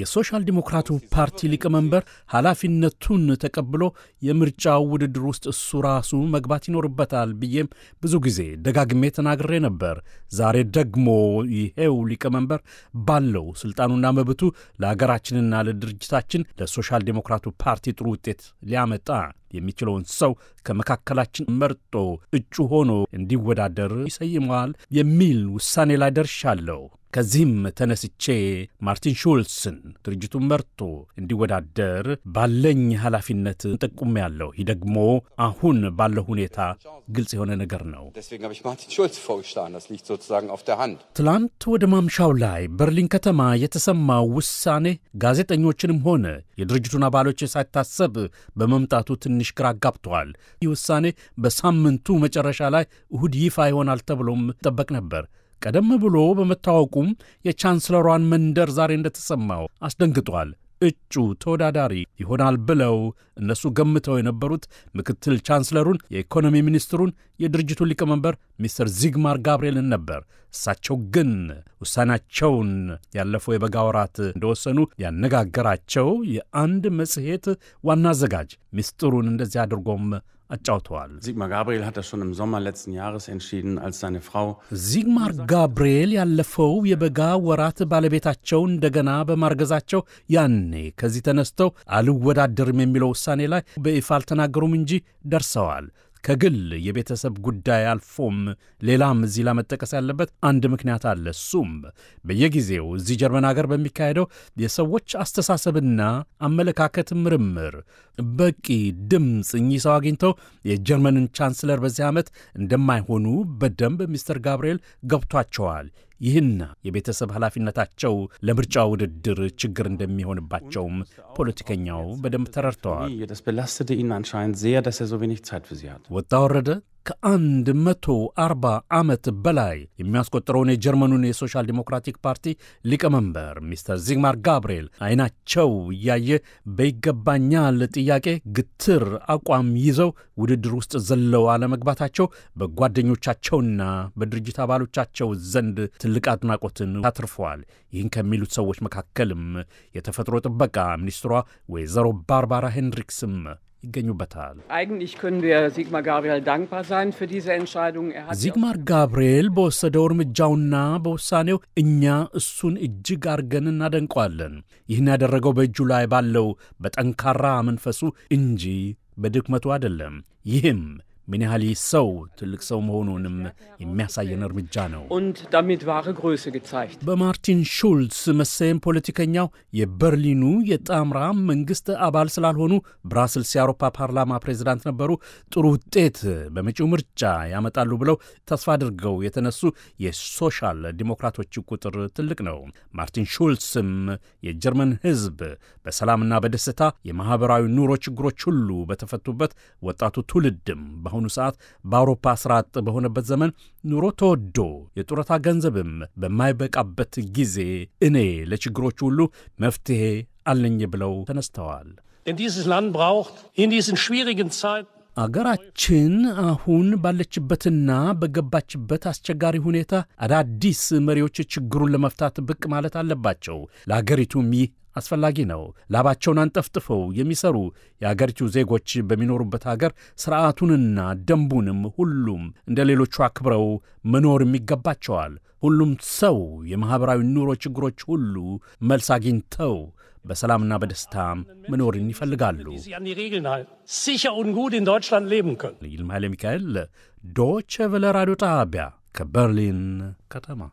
የሶሻል ዲሞክራቱ ፓርቲ ሊቀመንበር ኃላፊነቱን ተቀብሎ የምርጫው ውድድር ውስጥ እሱ ራሱ መግባት ይኖርበታል ብዬም ብዙ ጊዜ ደጋግሜ ተናግሬ ነበር። ዛሬ ደግሞ ይሄው ሊቀመንበር ባለው ስልጣኑና መብቱ ለሀገራችንና ለድርጅታችን ለሶሻል ዲሞክራቱ ፓርቲ ጥሩ ውጤት ሊያመጣ የሚችለውን ሰው ከመካከላችን መርጦ እጩ ሆኖ እንዲወዳደር ይሰይመዋል የሚል ውሳኔ ላይ ደርሻለሁ። ከዚህም ተነስቼ ማርቲን ሹልስን ድርጅቱን መርቶ እንዲወዳደር ባለኝ ኃላፊነት ጠቁሜ ያለው ይህ ደግሞ አሁን ባለው ሁኔታ ግልጽ የሆነ ነገር ነው። ትላንት ወደ ማምሻው ላይ በርሊን ከተማ የተሰማው ውሳኔ ጋዜጠኞችንም ሆነ የድርጅቱን አባሎች ሳይታሰብ በመምጣቱ ትንሽ ግራ አጋብተዋል። ይህ ውሳኔ በሳምንቱ መጨረሻ ላይ እሁድ ይፋ ይሆናል ተብሎም ጠበቅ ነበር። ቀደም ብሎ በመታወቁም የቻንስለሯን መንደር ዛሬ እንደተሰማው አስደንግጧል። እጩ ተወዳዳሪ ይሆናል ብለው እነሱ ገምተው የነበሩት ምክትል ቻንስለሩን፣ የኢኮኖሚ ሚኒስትሩን፣ የድርጅቱን ሊቀመንበር ሚስተር ዚግማር ጋብርኤልን ነበር። እሳቸው ግን ውሳኔያቸውን ያለፈው የበጋ ወራት እንደወሰኑ ያነጋገራቸው የአንድ መጽሔት ዋና አዘጋጅ ሚስጥሩን እንደዚህ አድርጎም አጫውተዋል። ዚግማር ጋብርኤል ያለፈው የበጋ ወራት ባለቤታቸው እንደገና በማርገዛቸው ያኔ ከዚህ ተነስተው አልወዳደርም የሚለው ውሳኔ ላይ በይፋ አልተናገሩም እንጂ ደርሰዋል። ከግል የቤተሰብ ጉዳይ አልፎም ሌላም እዚህ ላመጠቀስ ያለበት አንድ ምክንያት አለ። እሱም በየጊዜው እዚህ ጀርመን ሀገር በሚካሄደው የሰዎች አስተሳሰብና አመለካከት ምርምር በቂ ድምፅ እኚህ ሰው አግኝተው የጀርመንን ቻንስለር በዚህ ዓመት እንደማይሆኑ በደንብ ሚስተር ጋብርኤል ገብቷቸዋል። ይህና የቤተሰብ ኃላፊነታቸው ለምርጫ ውድድር ችግር እንደሚሆንባቸውም ፖለቲከኛው በደንብ ተረድተዋል። ወጣ ወረደ ከአንድ መቶ አርባ ዓመት በላይ የሚያስቆጥረውን የጀርመኑን የሶሻል ዲሞክራቲክ ፓርቲ ሊቀመንበር ሚስተር ዚግማር ጋብርኤል አይናቸው እያየ በይገባኛል ጥያቄ ግትር አቋም ይዘው ውድድር ውስጥ ዘለው አለመግባታቸው በጓደኞቻቸውና በድርጅት አባሎቻቸው ዘንድ ትልቅ አድናቆትን አትርፈዋል። ይህን ከሚሉት ሰዎች መካከልም የተፈጥሮ ጥበቃ ሚኒስትሯ ወይዘሮ ባርባራ ሄንድሪክስም ይገኙበታል። ዚግማር ጋብርኤል er በወሰደው እርምጃውና በውሳኔው እኛ እሱን እጅግ አርገን እናደንቀዋለን። ይህን ያደረገው በእጁ ላይ ባለው በጠንካራ መንፈሱ እንጂ በድክመቱ አይደለም። ይህም ምን ያህል ይህ ሰው ትልቅ ሰው መሆኑንም የሚያሳየን እርምጃ ነው። በማርቲን ሹልስ መሰየም ፖለቲከኛው የበርሊኑ የጣምራ መንግስት አባል ስላልሆኑ ብራስልስ የአውሮፓ ፓርላማ ፕሬዚዳንት ነበሩ፣ ጥሩ ውጤት በመጪው ምርጫ ያመጣሉ ብለው ተስፋ አድርገው የተነሱ የሶሻል ዲሞክራቶች ቁጥር ትልቅ ነው። ማርቲን ሹልስም የጀርመን ህዝብ በሰላምና በደስታ የማኅበራዊ ኑሮ ችግሮች ሁሉ በተፈቱበት ወጣቱ ትውልድም በአሁኑ ሰዓት በአውሮፓ ስራ አጥ በሆነበት ዘመን ኑሮ ተወዶ የጡረታ ገንዘብም በማይበቃበት ጊዜ እኔ ለችግሮች ሁሉ መፍትሄ አለኝ ብለው ተነስተዋል። አገራችን አሁን ባለችበትና በገባችበት አስቸጋሪ ሁኔታ አዳዲስ መሪዎች ችግሩን ለመፍታት ብቅ ማለት አለባቸው። ለአገሪቱም ይህ አስፈላጊ ነው። ላባቸውን አንጠፍጥፈው የሚሰሩ የአገሪቱ ዜጎች በሚኖሩበት አገር ሥርዓቱንና ደንቡንም ሁሉም እንደ ሌሎቹ አክብረው መኖርም ይገባቸዋል። ሁሉም ሰው የማኅበራዊ ኑሮ ችግሮች ሁሉ መልስ አግኝተው በሰላምና በደስታም መኖርን ይፈልጋሉ። ይልማ ኃይለ ሚካኤል ዶቼ ቬለ ራዲዮ ጣቢያ ከበርሊን ከተማ